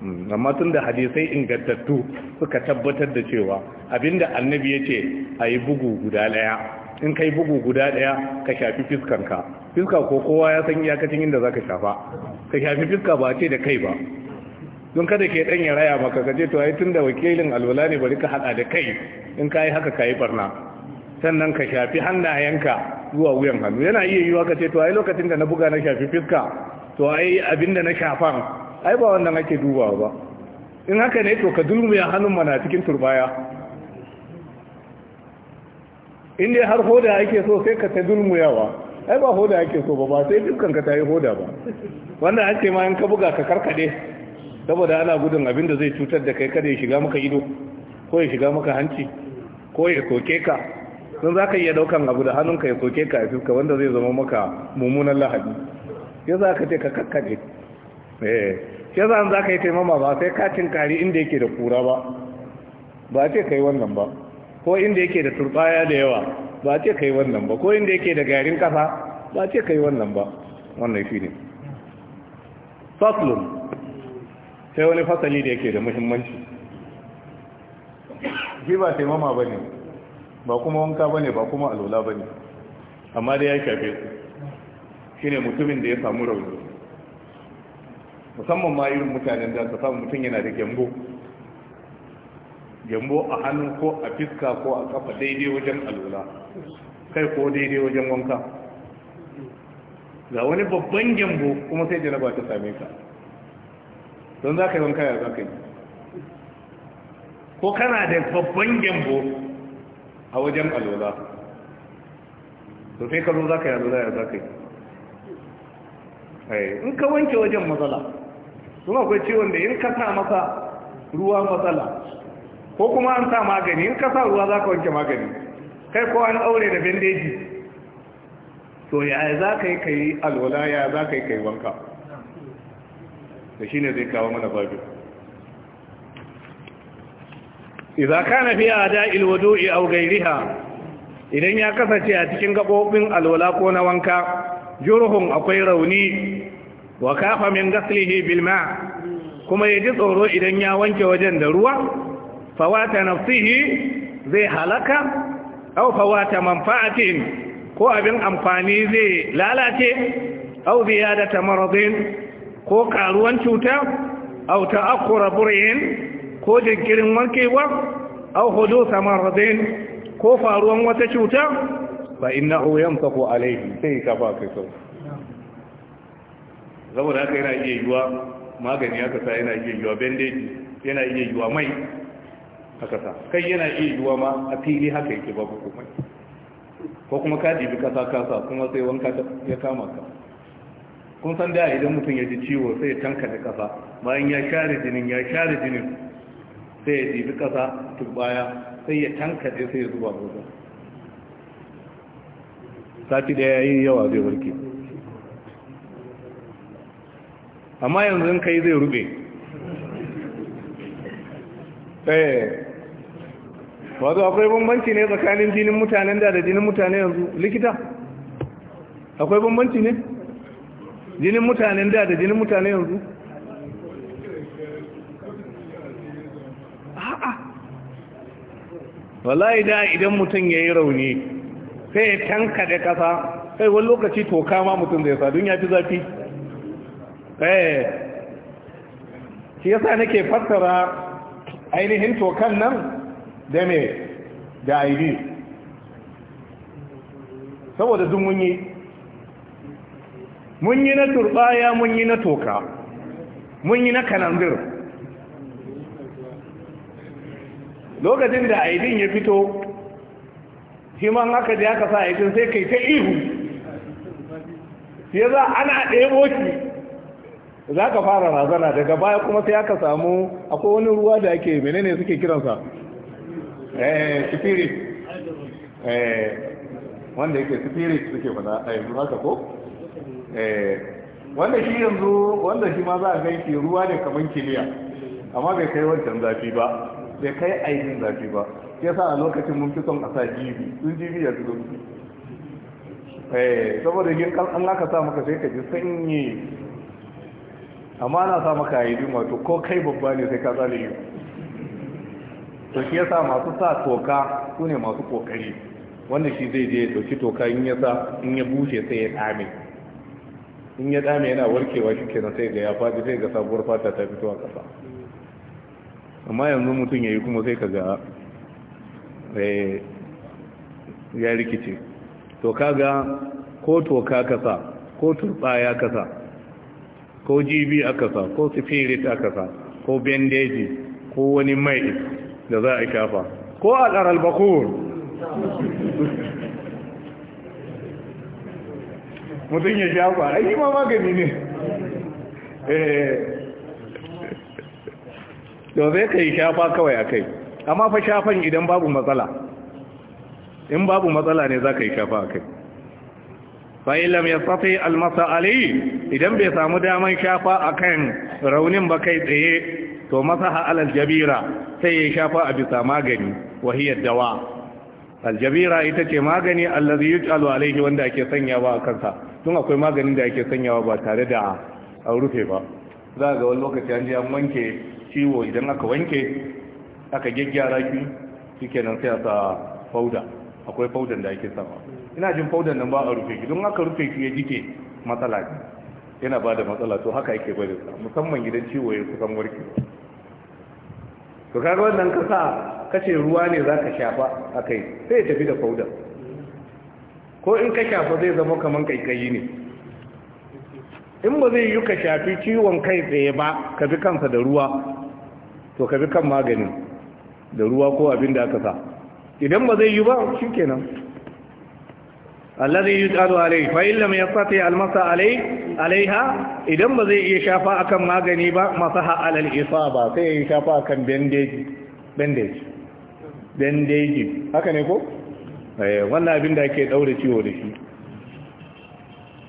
hmm, amma tun da hadisai ingantattu suka tabbatar da cewa abinda annabi ya ce a yi bugu guda ɗaya in kai bugu guda ɗaya ka shafi fiskanka fiska ko kowa ya san iyakacin inda za ka shafa ka shafi fiska ba ce da kai ba don kada ke ɗan ya raya maka ka ce to ai tun da wakilin alwala ne bari ka haɗa da kai in ka yi haka ka yi barna sannan ka shafi hannayenka zuwa wuyan hannu yana iya yiwa ka ce to ai lokacin da na buga na shafi fiska to ai abinda na shafan ai ba wannan ake dubawa ba in haka ne to ka ya hannun mana cikin turbaya in dai har hoda ake so sai ka ta dulmuyawa ai ba hoda ake so ba ba sai dukkan ka ta yi hoda ba Wanda ake ma in ka buga ka karkade saboda ana gudun abin da zai cutar da kai kada ya shiga maka ido ko ya shiga maka hanci ko ya soke ka don za ka iya daukan abu da hannunka ya koke ka a wanda zai zama maka mummunan lahadi ya za ka ce ka kakkaɓe eh, ya za za ka yi taimama ba sai katin kari inda yake da kura ba ba ce ka yi wannan ba ko inda yake da turbaya da yawa ba ce ka yi wannan ba ko inda yake da garin kasa ba ce ka yi wannan ba wannan shi ne faslun sai wani fasali da yake da muhimmanci shi ba taimama ba ne ba kuma wanka bane ba kuma ba bane amma dai ya shafe su shine mutumin da ya samu rauni musamman ma irin mutanen da ta samu mutum yana da gyambo gyambo a hannu ko a fiska ko a kafa daidai wajen alola kai ko daidai wajen wanka ga wani babban gyambo kuma sai ba ta same ka don za ka yi wanka ya za ka yi ko kana da babban gyambo a wajen alola to sai ka zo za ka yi alola ya za ka yi eh, in ka wanke wajen matsala kuma akwai ciwon da in ka sa masa ruwa matsala ko kuma an sa magani in ka sa ruwa za ka wanke magani kai ko an aure da bandeji to ya za ka yi ka yi alola ya za ka yi ka yi wanka da shi ne zai kawo mana babu idza kana fi ada'il wudu'i aw ghayriha idan ya kasance a cikin gabobin alwala ko na wanka jurhun akwai rauni wa kafa min ghaslihi bil ma kuma yaji tsoro idan ya wanke wajen da ruwa fawata nafsihi zai halaka aw fawata manfa'atin ko abin amfani zai lalace aw ziyadata maradin ko karuwan cuta aw ta'akhkhura bur'in ko jinkirin warkewa aw hudusa maradin ko faruwan wata cuta Ba fa innahu yamsaku alayhi sai ka ba kai sau saboda haka yana iya yiwa magani haka sa yana iya yiwa bandage yana iya yiwa mai haka sa kai yana iya yiwa ma a fili haka yake babu komai ko kuma ka jibi kasa kasa kuma sai wanka ya kama ka kun san da idan mutum ya ji ciwo sai ya tanka da kasa bayan ya share jinin ya share jinin sai ya jibi ƙasa tun baya, sai ya tankaɗe sai ya zuba ruwa sati da ya yi yawa zai warke amma yanzu in kai zai rube eh wato akwai bambanci ne tsakanin jinin mutanen da da jinin mutane yanzu likita akwai bambanci ne jinin mutanen da da jinin mutane yanzu wallahi da idan mutum ya yi rauni sai ya da ƙasa sai wani lokaci toka ma mutum zai sadun ya fi zafi ɗaya eh, shi yasa nake fassara ainihin tokan nan da mai da aibi saboda duk mun yi mun yi na turbaya mun yi na toka mun yi na kanandir lokacin da aidin ya fito shi haka da ya aka sa aidin sai kai ta ihu sai za ana ɗebo shi za ka fara razana daga baya kuma sai aka samu akwai wani ruwa da ake menene suke kiransa eh spirit eh wanda yake spirit suke fada a eh, yanzu haka ko eh wanda shi yanzu wanda shi ma za a ganki ruwa ne kaman kiliya amma bai kai wancan zafi ba bai kai ainihin zafi ba ya sa a lokacin mun fi son a sa jibi sun jibi ya zuwa eh saboda yin an aka sa maka sai ka ji sanyi amma na sa maka yi e wato ko kai babba ne sai ka zale yi to shi yasa masu sa toka su ne masu kokari wanda shi zai je dauki toka in ya sa in ya bushe sai ya dame in ya dame yana warkewa shi kenan sai ga ya faɗi sai ga sabuwar fata ta fito a ƙasa amma yanzu mutum ya yi kuma sai kaga eh, ya rikice to kaga ko toka kasa ko ya kasa ko jibi a kasa ko spirit a kasa ko bendeji ko wani mai da za a kafa ko al'ar albakur mutum ya shafa yi ma magani ne eh, to sai ka yi shafa kawai a kai amma fa shafan idan babu matsala in babu matsala ne za ka yi shafa a kai fa'ilam ya safi almasa alayi idan bai samu daman shafa a kan raunin ba kai tsaye to masaha alal jabira sai ya shafa a bisa magani wahiyar dawa aljabira ita ce magani allazi yuj'alu alaihi wanda ake sanyawa a kansa tun akwai maganin da ake sanyawa ba tare da a rufe ba za ga wani lokaci an ji an wanke ciwo idan aka wanke aka gyaggyara shi nan sai a sa fauda akwai faudan da ake sama ina jin faudan nan ba a rufe shi don aka rufe shi ya jike matsala ne yana ba da matsala to haka ake bari sa musamman gidan ciwo ya kusan warke to kaga wannan kasa kace ruwa ne za ka shafa a kai sai ya tafi da faudan ko in ka shafa zai zama kaman kaikayi ne in ba zai yi ka shafi ciwon kai tsaye ba ka bi kansa da ruwa to ka bi kan maganin da ruwa ko abin da aka sa idan ba zai yi ba shi kenan allazi yutalu alai fa in lam yastati almasa alai alaiha idan ba zai iya shafa akan magani ba masaha alal isaba sai ya shafa akan bandage bandage bandage haka ne ko eh wannan abin da ake daure ciwo da shi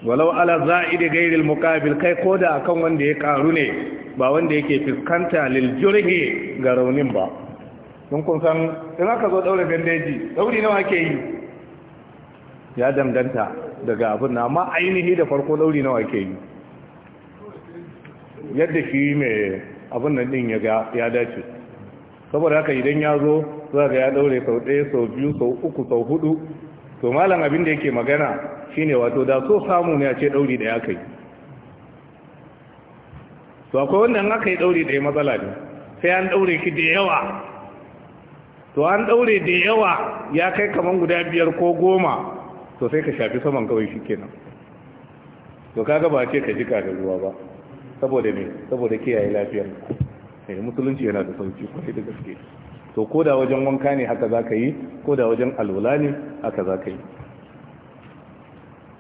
walau ala za'idi ghairil muqabil kai koda akan wanda ya karu ne ba wanda yake fuskanta lil jurhi ga raunin ba don kun san in ka zo daure bandeji dauri nawa ake yi ya danganta daga abin na amma ainihi da farko dauri nawa ake yi yadda shi mai abin nan din ya dace saboda haka idan ya zo za ga ya daure sau ɗaya sau biyu sau uku sau hudu to malam abin da yake magana shine wato da so samu ne a ce dauri da ya kai to akwai wanda in aka yi daure da ya matsala ne sai an ɗaure ki da yawa to an ɗaure da yawa ya kai kaman guda biyar ko goma to sai ka shafi saman kawai shi kenan to kaga ba ce ka jika da ruwa ba saboda me saboda kiyaye lafiyar eh musulunci yana da sauki kwarai da gaske to ko da wajen wanka ne haka za ka yi ko da wajen alwala ne haka za ka yi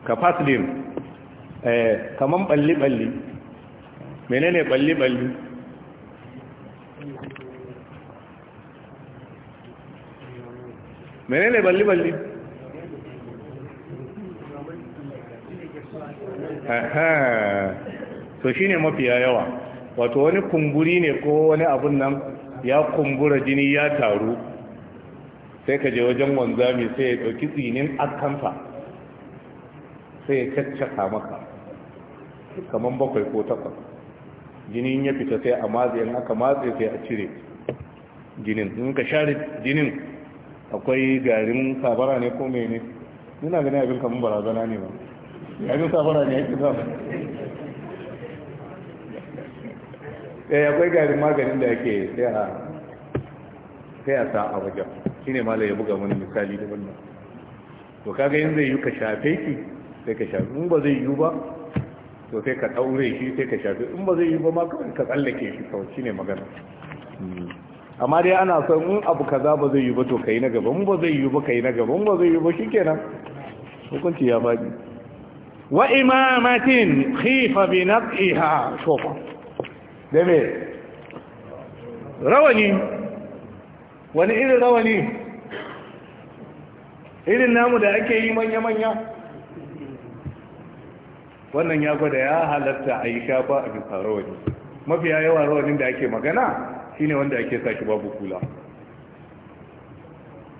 ka fasilin eh, kaman balli-balli menene balli-balli menene balli-balli to shine mafiya yawa wato wani kumburi ne ko wani abun nan ya kumbura jini ya taru sai ka je wajen wanzami sai ya ɗauki tsinin akanta sai ya cacca maka kamar bakwai ko takwas jinin ya fita sai a matse in aka matse sai a cire jinin in ka share jinin akwai garin sabara ne ko mene ina gani abin kamun barazana ne ba garin sabara ne yake zama eh akwai garin maganin da yake sai a sai a sa a wajen shine malai ya buga wani misali da wannan to kaga yin zai yi ka shafe ki sai ka shafe in ba zai yi ba to sai ka daure shi sai ka shafi in ba zai yi ba ma kawai ka tsallake shi kawai shine magana hmm. amma dai ana son in abu kaza ba zai yi ba to kai na gaba in ba zai yi ba kai na gaba in ba zai yi ba shikenan hukunci ya faɗi wa imamatin khifa bi naqiha shofa da me rawani wani irin rawani irin namu da ake yi manya-manya wannan ya gwada ya halatta a yi shafa a bisa rawani mafiya yawa rawanin da ake magana shine wanda ake sa shi babu kula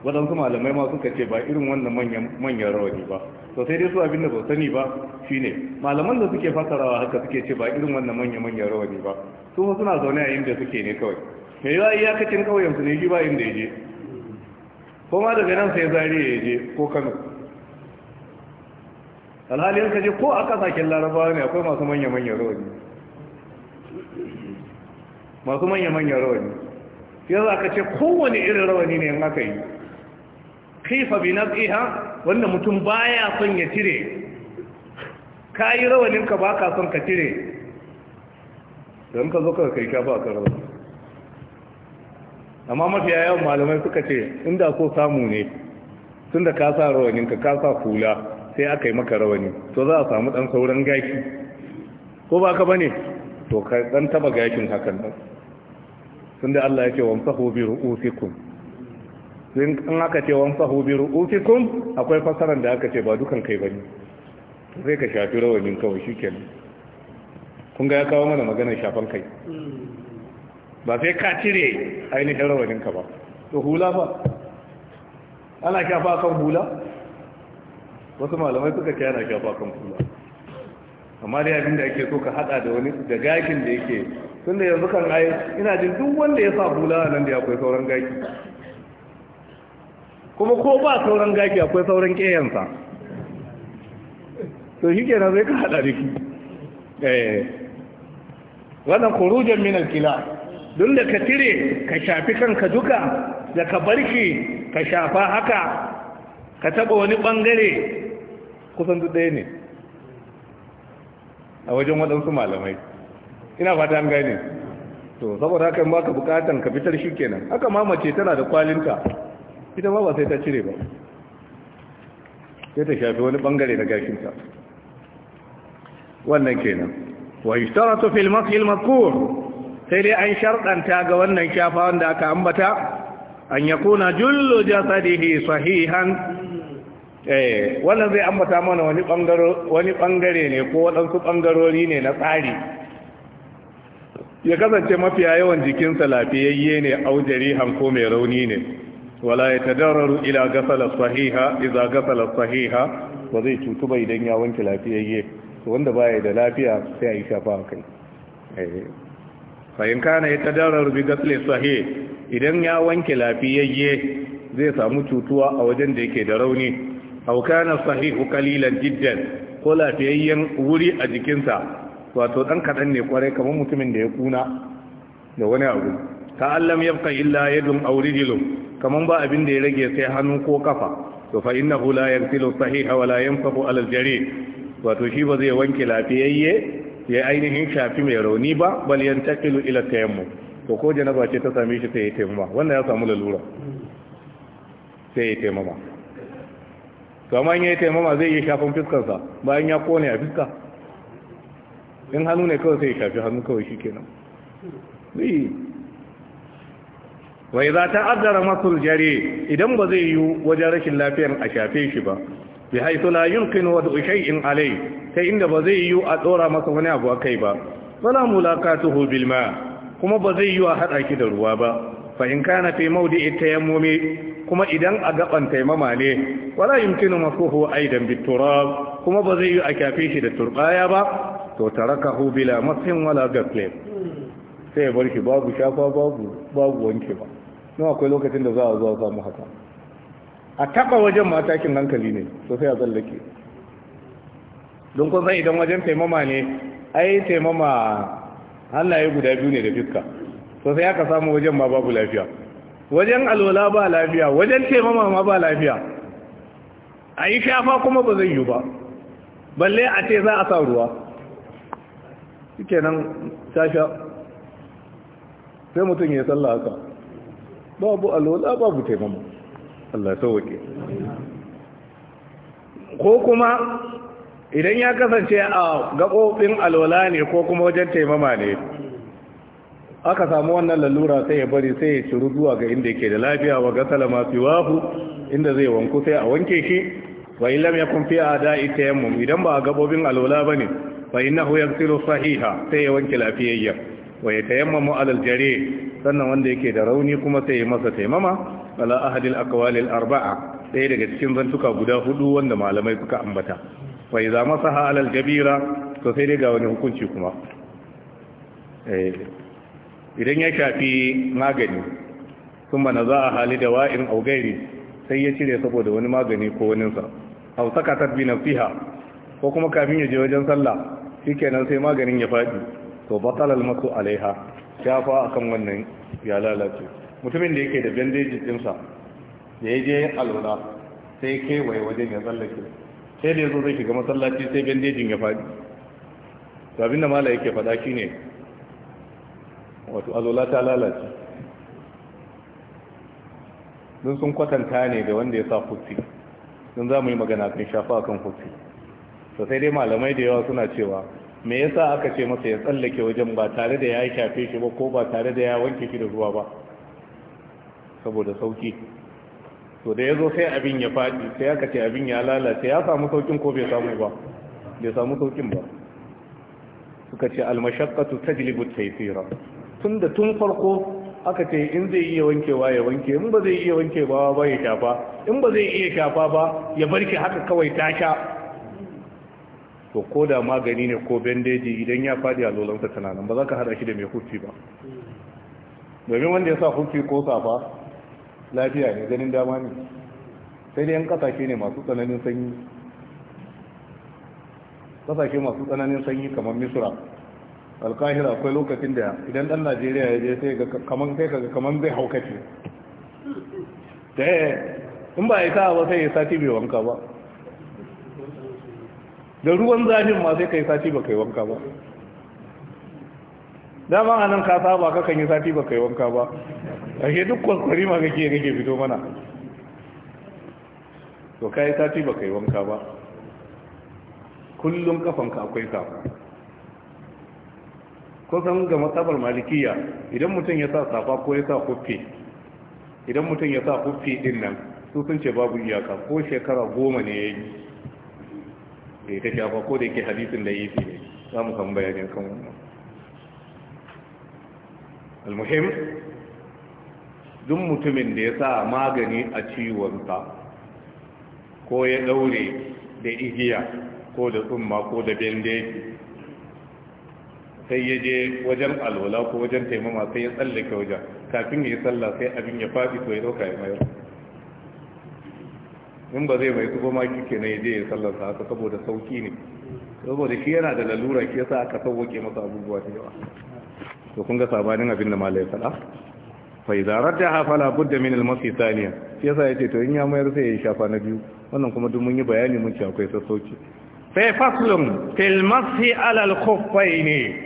waɗansu malamai ma suka ce ba irin wannan manyan rawani ba to sai dai su abin da ba sani ba shine malaman da suke fasarawa haka suke ce ba irin wannan manyan manyan rawani ba su ma suna zaune a inda suke ne kawai mai yiwa iyakacin ƙauyen su ne shi ba inda ya je ko ma daga nan sai zariya ya je ko kano alhali yanka je ko a kasashen larabawa ne akwai masu manya-manyan rawani masu manya-manyan rawani ya za ka ce kowane irin rawani ne in aka yi kaifa bi tsiha wanda mutum baya son ya cire ka yi rawanin ka son ka cire don ka zo ka kai ka ba ka rawani amma mafiya yawan malamai suka ce inda ko samu ne tun da ka sa rawaninka ka sa kula sai aka yi maka rawani to za a samu dan sauran gashi ko ba ka bane to ka dan taba gashin hakan nan da Allah ya ce wamsahu bi ru'usikum din an aka ce wamsahu bi ru'usikum akwai fasaran da aka ce ba dukan kai bane sai ka shafi rawanin kawai shikenan kun ga ya kawo mana maganar shafan kai ba sai ka cire ainihin rawaninka ba to hula ba ana shafa kan hula wasu malamai suka ce a shafa kan kula amma da yabin da ake so ka hada da wani da gakin da yake tun da yanzu kan ayi ina jin duk wanda ya sa hula nan da akwai sauran gaki kuma ko ba sauran gaki akwai sauran ƙeyansa to shi kenan zai ka hada da ki eh. wannan kurujan min kila duk da ka cire ka shafi kanka duka da ka barki ka shafa haka ka taba wani bangare kusan duk ɗaya ne a wajen waɗansu malamai ina fata an gane to saboda haka ba ka bukatan ka fitar shi kenan haka ma mace tana da kwalinta ita ma ba sai ta cire ba sai ta shafi wani bangare na gashinta wannan kenan wa yushtaratu fil masl al sai dai an sharɗanta ga wannan shafa wanda aka ambata an yakuna jullu jasadihi sahihan eh wannan zai ambata mana wani bangaro wani bangare ne ko wadansu bangarori ne na tsari ya kasance mafiya yawan jikinsa lafiyayye ne aujari hanko mai rauni ne wala ya tadarraru ila gasala sahiha idza gasala sahiha ba zai cutu ba idan ya wanke lafiyayye wanda baya da lafiya sai a yi shafa kai eh, fahim kana ya tadarar bi gasle sahi idan ya wanke lafiyayye zai samu cutuwa a wajen da yake da rauni aw kana sahihu qalilan jiddan ko lafiyayyen wuri a jikinsa wato dan kadan ne kwarai kamar mutumin da ya kuna da wani abu ta allam yabqa illa yadun aw rijlun kamar ba abin da ya rage sai hannu ko kafa to fa innahu la tilo sahiha wala la yanfahu ala wato shi ba zai wanke lafiyayye ya ainihin shafi mai rauni ba bal takilu ila tayammum to ko janaba ce ta same shi sai ya taimama wannan ya samu lalura sai ya taimama kamar ya yi taimama zai iya shafin fiskarsa bayan ya kone a fiska in hannu ne kawai sai ya shafi hannu kawai shi kenan zai wai za ta adara masu jare idan ba zai yi wajen rashin lafiyar a shafe shi ba bi haitu la yulqin ushai in alai sai inda ba zai yi a tsora masa wani abu kai ba wala mulaqatuhu bil ma kuma ba zai yi a hada ki da ruwa ba fa'in kana fi maudi'i tayammumi kuma idan a gaban taimama ne wala yumkinu masuhu aidan biturab kuma ba zai yi a kyafe shi da turbaya ba to tarakahu bila masin wala gasle sai ya bar shi babu shafa babu babu wanke ba don akwai lokacin da za a zuwa samu haka a taba wajen matakin hankali ne to sai a tsallake don kun san idan wajen taimama ne ai taimama hannaye guda biyu ne da fiska to sai aka samu wajen ma babu lafiya wajen alwala ba lafiya wajen taimama ma ba lafiya a yi shafa kuma ba zai yi ba balle a ce za a sa ruwa suke nan tasha sai mutum ya tsalla haka babu alwala babu taimama Allah sauwake ko kuma idan ya kasance a gaɓoɓin alwala ne ko kuma wajen taimama ne aka samu wannan lalura sai ya bari sai ya shiru zuwa ga inda yake da lafiya wa gasala masu wahu inda zai wanku sai a wanke shi wa illam ya kun fi a ita yammu? idan ba a gabobin alwala ba ne fa innahu yaghsilu sahiha sai ya wanke lafiyayya wa yatayammamu alal jare sannan wanda yake da rauni kuma sai ya masa taimama ala ahadil aqwalil arba'a Sai daga cikin zantuka guda hudu wanda malamai suka ambata wa idza masaha alal jabira to sai dai ga wani hukunci kuma eh. idan ya shafi magani sun mana za a hali da wa'in augairi sai ya cire saboda wani magani ko waninsa hau saka tabbi na fiha ko kuma kafin ya je wajen sallah shi kenan sai maganin ya faɗi to batsalar masu alaiha a kan wannan ya lalace mutumin da yake da bandeji ɗinsa da ya je alwala sai kewaye wajen ya tsallake sai da ya zo zai shiga masallaci sai bandejin ya faɗi to abinda mala yake faɗa ne. wato azola ta lalace don sun kwatanta ne da wanda ya sa hufi don za mu yi magana kan shafa kan hufi to sai dai malamai da yawa suna cewa me yasa aka ce masa ya tsallake wajen ba tare da ya shafe shi ba ko ba tare da ya wanke shi da ruwa ba saboda sauki to da ya zo sai abin ya faɗi sai aka ce abin ya lalace ya samu saukin ko bai samu ba bai samu saukin ba suka ce almashakkatu tajlibu taysira tun da tun farko aka ce in zai iya wankewa ya wanke in ba zai iya wanke ba ba ya shafa in ba zai iya shafa ba ya barke haka kawai ta sha to ko da magani ne ko bandeji idan ya fadi a lolansa tunanin ba za ka hada shi da mai hufi ba domin wanda ya sa hufi ko safa lafiya ne ganin dama ne sai dai yan kasashe ne masu tsananin sanyi kasashe masu tsananin sanyi kamar misra alkahira akwai lokacin da idan dan najeriya ya je sai kaman sai kaga kaman zai haukace da in ba ya sa ba sai ya sati bai wanka ba da ruwan zafin ma sai kai sati ba kai wanka ba dama a nan ka saba ka kan yi sati ba kai wanka ba a ke duk kwakwari ma kake kake fito mana to ka yi sati ba kai wanka ba kullum kafanka akwai safa kusan ga matsabar malikiya idan mutum ya sa safa ko ya sa kuffi idan mutum ya sa kuffi din nan su sun ce babu iyaka ko shekara goma ne ya yi da ita shafa ko da yake hadisin da yi fi ne za mu san bayanin kan wannan almuhim duk mutumin da ya sa magani a ciwonsa ko ya daure da igiya ko da tsumma ko da bendeji sai ya je wajen alwala ko wajen taimama sai ya tsallake wajen kafin ya yi sallah sai abin ya faɗi to ya ɗauka ya mayar in ba zai mai kuma ma kike ne ya je ya sallar sa haka saboda sauki ne saboda shi yana da lalura ke yasa aka sauke masa abubuwa da yawa to kun ga sabanin abin da malai faɗa fa idza raddaha fala budda min al-masi thaniya shi yasa yace to in ya mayar sai ya shafa na biyu wannan kuma duk mun yi bayani mun ce akwai sassauci fa faslun fil masi ala al-khuffaini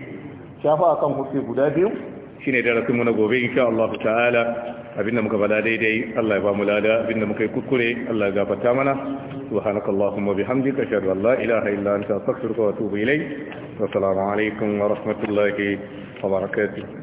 shafa akan hufi guda biyu shine darasin mu na gobe insha Allah ta'ala abinda muka bada daidai Allah ya ba mu lada abinda muka yi kukure Allah ya gafarta mana subhanakallahumma bihamdika ashhadu an la ilaha illa anta astaghfiruka wa atubu ilayk wa assalamu alaikum wa rahmatullahi wa barakatuh